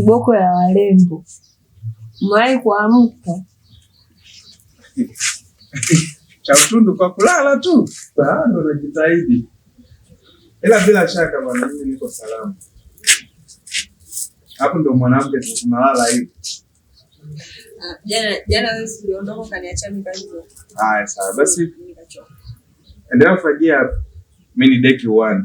kiboko ya warembo. Mwai kuamka cha utundu kwa kulala tu, najitahidi ila bila shaka bwana, mimi niko salama hapo. Ndo mwanamke tunalala hivi. Jana jana wewe uliondoka ukaniacha mimi kazo. Haya sawa, basi endelea kufagia, mini deki one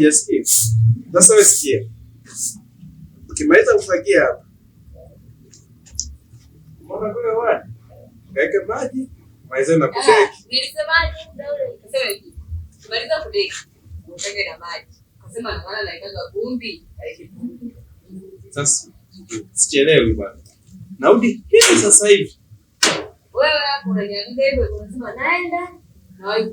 hujasikia. Sasa wewe sikia, ukimaliza kufagia hapa, mbona kule maji maize na kudeki. hivi kudeki na maji, kasema na Sasa sichelewi bwana, naudi hivi sasa hivi. Wewe hapo unaniambia hivyo, unasema naenda na wewe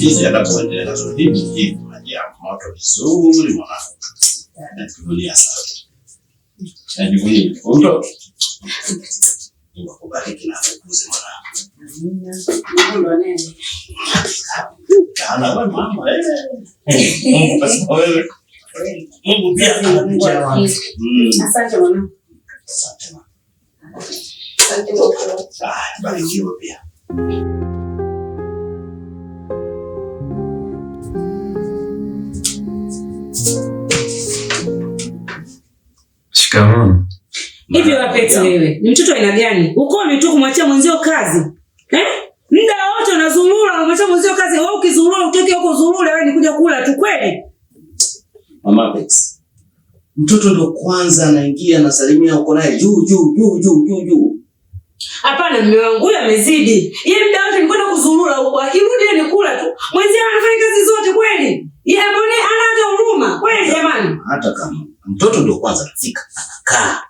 sisi hata kuendelea nazo hivi hivi, unajia moto vizuri mwanangu, najivunia sana, najivunia na kukuze mwanangu. Eh. Mungu pia mm. asante mwanangu, asante ah, pia. Shikamoo. Hivi wapeti wewe, ni mtoto aina gani? Ukomi tu kumwachia mwenzio kazi. Eh? Muda wote unazurura, unamwachia mwenzio kazi. Wewe ukizurura utoke huko zurure, wewe ni kuja kula tu kweli. Mama Bets. Mtoto ndo kwanza anaingia na salimia uko naye juu juu juu juu juu juu. Hapana, mume wangu huyo amezidi. Yeye muda wote nikwenda kuzurura huko. Akirudi ni kula tu. Mwenzio anafanya kazi zote kweli. Yeye mbona hana hata huruma? Kweli jamani. Hata kama Mtoto ndio kwanza anafika anakaa,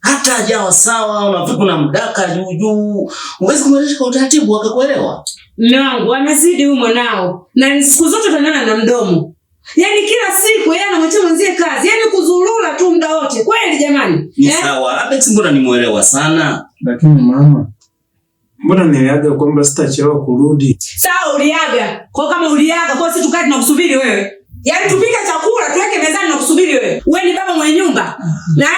hata ajawa sawa, unafika kuna mdaka juu juu, uwezi kumweleza kwa utaratibu akakuelewa. Mme wangu amezidi huyu mwanao, na siku zote tunana na mdomo, yaani kila siku yeye yaani anamwacha mwenzie kazi, yaani kuzurura tu muda wote. Kweli jamani, ni eh? sawa Abex, mbona nimuelewa sana. Lakini mama Mbona niliaga kwamba sitachelewa kurudi? Sawa uliaga. Kwa kama uliaga, kwa sisi tukae tunakusubiri wewe. Yaani tupika chakula tuweke mezani na kusubiri wewe. Wewe ni baba mwenye nyumba. Mhm. Na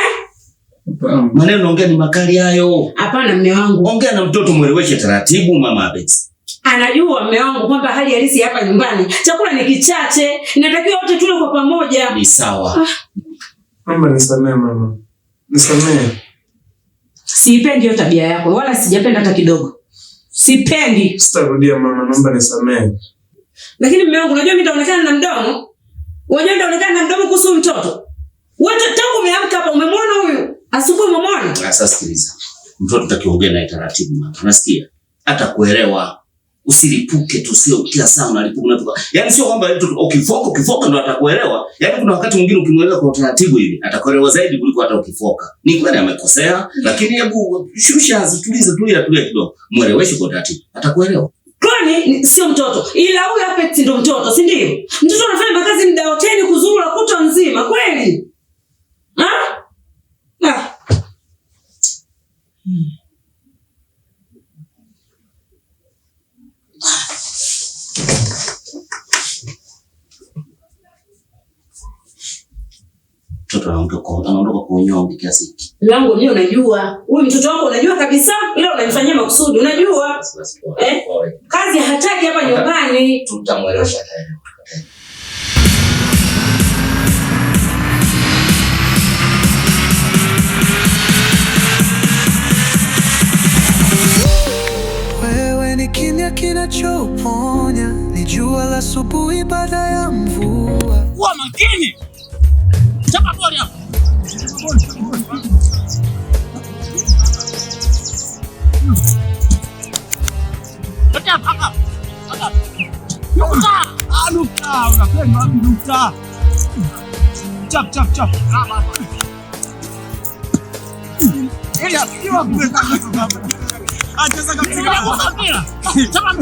maneno ongea ni makali hayo. Hapana mme wangu. Ongea na mtoto mweleweshe taratibu mama Betsy. Anajua mme wangu kwamba hali halisi hapa nyumbani chakula ni kichache, inatakiwa wote tule kwa pamoja. Ni sawa. Ah. Mama nisamee, mama nisamee. Sipendi hiyo tabia yako, wala sijapenda hata kidogo. Sipendi. Sitarudia mama, naomba nisamee. Lakini mme wangu, unajua mimi nitaonekana na mdomo wewe ndio unaonekana na mdomo kuhusu mtoto. Wewe tangu umeamka hapa umemwona huyu? Asubuhi umemwona? Sasa sikiliza. Mtoto tunatakiwa ongea naye taratibu mama. Unasikia? Hata kuelewa. Usilipuke tu sio kila saa unalipuka unatoka. Yaani sio kwamba mtu ukifoka ukifoka ndo atakuelewa. Yaani kuna wakati mwingine ukimweleza kwa utaratibu hivi atakuelewa zaidi kuliko hata ukifoka. Ni kweli amekosea, lakini hebu shusha, zitulize, tulia tulia kidogo. Mweleweshe kwa utaratibu. Atakuelewa. Kwani sio mtoto, ila huyu Apex ndo mtoto, si ndio? Mtoto anafanya makazi mda hoteli, kuzurura kutwa nzima kweli? Ah. mtoto anaondoka kwa unyonge kiasi hiki. Lango mimi unajua, huyu mtoto wako unajua kabisa, ila unamfanyia makusudi, unajua. Eh? Kazi hataki hapa nyumbani. Tutamwelewesha tena. Wewe ni kimya kinachoponya, ni jua la asubuhi baada ya mvua. Kuwa makini. 잡아도 말이야. 여자 바깥 바깥 아 육자 우리 그래 마음이 육자 짭짭짭 아 맞아 야 피와 물을 닦아서 가아 죄송합니다 제가 못 삽니다 저만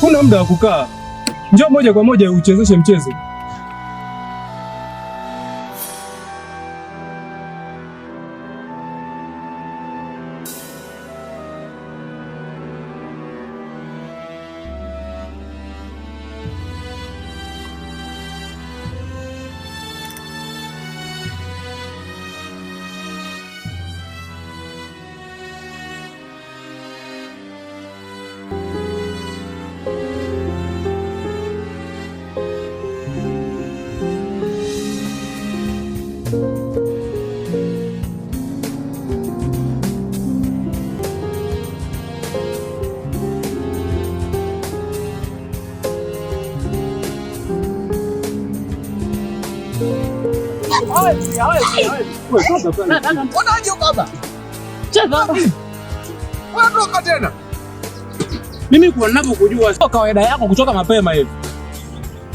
Kuna muda wa kukaa, njoo moja kwa moja uchezeshe mchezo. hawezi, tena. Mimi kwa ninapokujua sio kawaida yako kuchoka mapema hivi.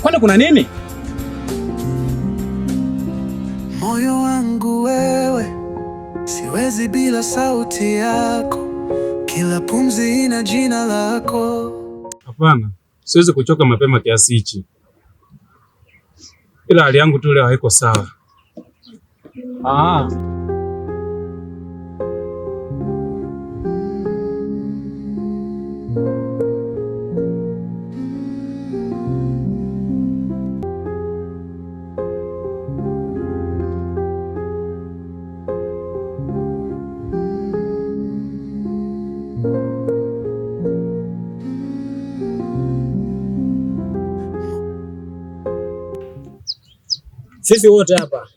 Kwani kuna nini? Moyo wangu wewe, siwezi bila sauti yako, kila pumzi ina jina lako. Hapana, siwezi kuchoka mapema kiasi hichi, ila hali yangu tu leo haiko sawa. Ah. Sisi wote hapa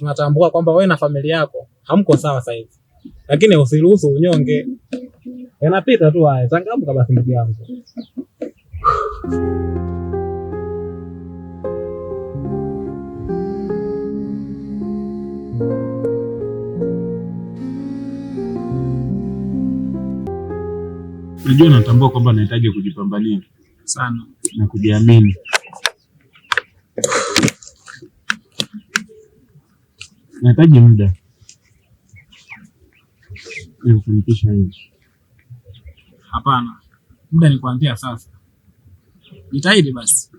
tunatambua kwamba wewe na familia yako hamko sawa sasa hivi, lakini usiruhusu unyonge. Yanapita tu haya, changamka basi ndugu yangu. Najua natambua kwamba nahitaji kujipambania sana na kujiamini Nahitaji muda kufanikisha hivi. Hapana, muda ni kuanzia sasa. Jitahidi basi.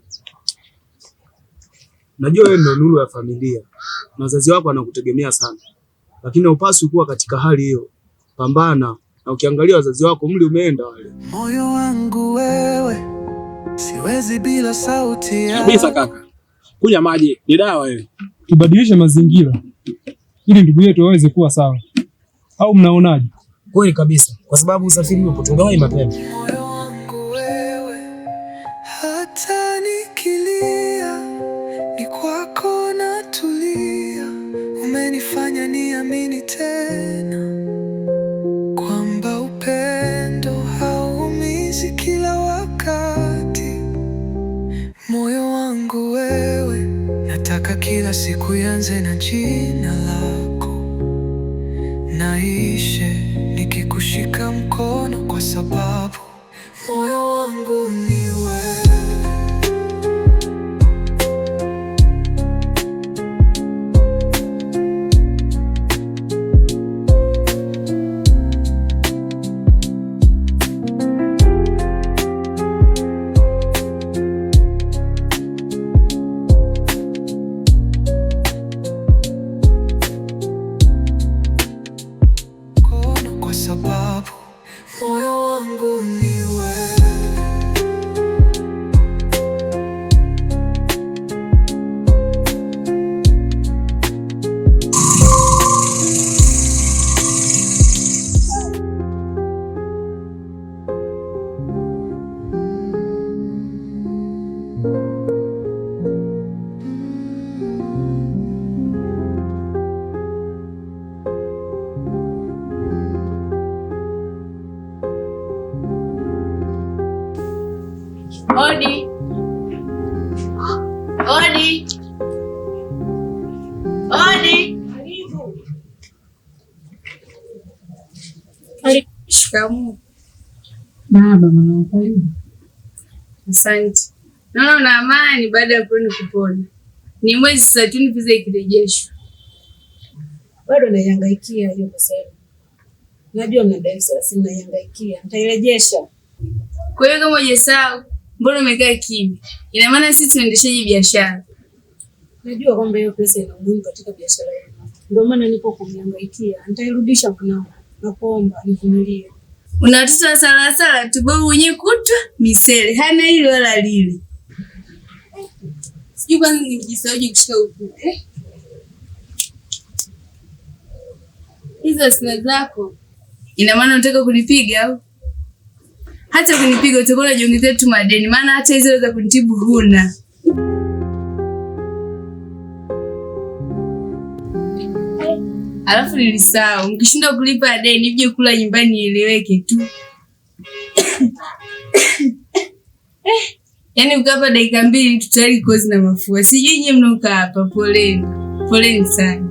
Najua wewe ndio nuru ya familia na wazazi wako wanakutegemea sana, lakini haupaswi kuwa katika hali hiyo. Pambana na ukiangalia wazazi wako mli umeenda wale. Moyo wangu wewe, siwezi bila sauti yako kabisa. Kaka, kunywa maji ni dawa. Wewe tubadilishe mazingira ili ndugu yetu aweze kuwa sawa, au mnaonaje? Kweli kabisa, kwa sababu usafiri upo, tungawahi mapema. Hata nikilia ni kwako natulia, umenifanya niamini tena Nataka kila siku yanze na jina lako naishe nikikushika mkono, kwa sababu Odi. Odi. Odi. Baba mwanangu, karibu. Asante. Naona una amani baada ya kuona kupona. Ni mwezi sasa tu visa ikirejeshwa. Bado naihangaikia hiyo pesa. Najua mnadai sasa, naiangaikia. Nitairejesha. Kwa hiyo kama hujasahau Mbona umekaa kimya? Ina maana sisi tuendeshaji biashara. Najua kwamba hiyo pesa ina umuhimu katika biashara yetu, Ndio maana nipo kumhangaikia. Nitairudisha mwanangu. Nakuomba nivumilie. Una watoto sala sala tu babu mwenyewe kutwa misele. Hana hili wala lile. Sijui kwanza nijisauje kushika huku. Eh? Hizo sina zako. Ina maana unataka kunipiga au? hata kunipiga utakuwa unajiongezea tu madeni, maana hata hizo za kunitibu huna. Alafu nilisahau, mkishinda kulipa deni mje kula nyumbani ieleweke tu. Eh, yaani ukapa dakika mbili tu kozi na mafua. Sijui nyie mnaokaa hapa, poleni poleni sana.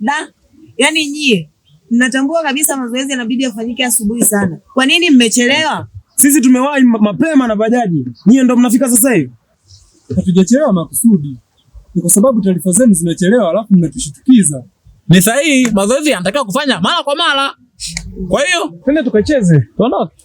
na yani nyie mnatambua kabisa mazoezi yanabidi yafanyike asubuhi sana. Kwa nini mmechelewa? Sisi tumewahi mapema na bajaji, nyie ndo mnafika sasa hivi. Hatujachelewa makusudi, ni kwa sababu taarifa zenu zimechelewa, alafu mnatushitukiza. Ni sahihi, mazoezi yanatakiwa kufanya mara kwa mara. Kwa hiyo twende tukacheze, tuondoke.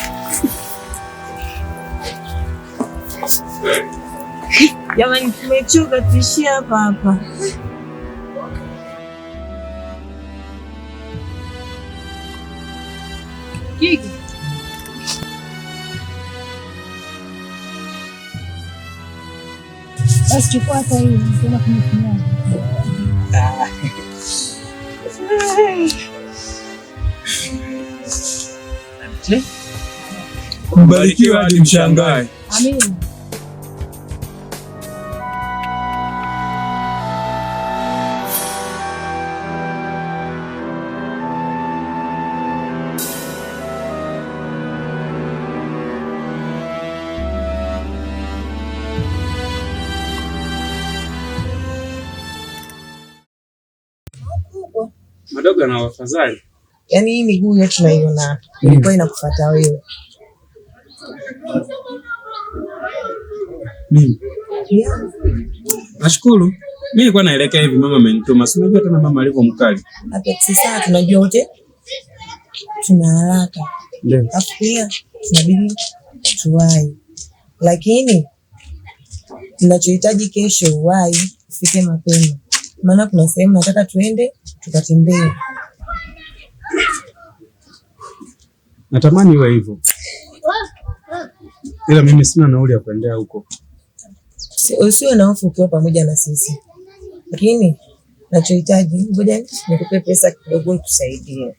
Jamani, tumechoka, tuishie hapa hapa. Basi chukua hata hii unaenda kunitumia. Mbarikiwa hadi mshangae. Amina. waoga na wafadhali. Yaani hii miguu yote tunaiona ilikuwa inakufuata wewe. Mimi nashukuru, mimi nilikuwa naelekea hivi, mama amenituma. Si unajua tena mama alivyo mkali. Sasa tunajua wote tuna haraka, alafu pia tunabidi tuwai, lakini tunachohitaji kesho uwai, ufike mapema, maana kuna sehemu nataka tuende tutatembea. Natamani iwe hivyo, ila mimi sina nauli ya kuendea huko. Usiwe na hofu ukiwa pamoja na sisi, lakini nachohitaji, ngoja nikupe pesa kidogo tusaidie.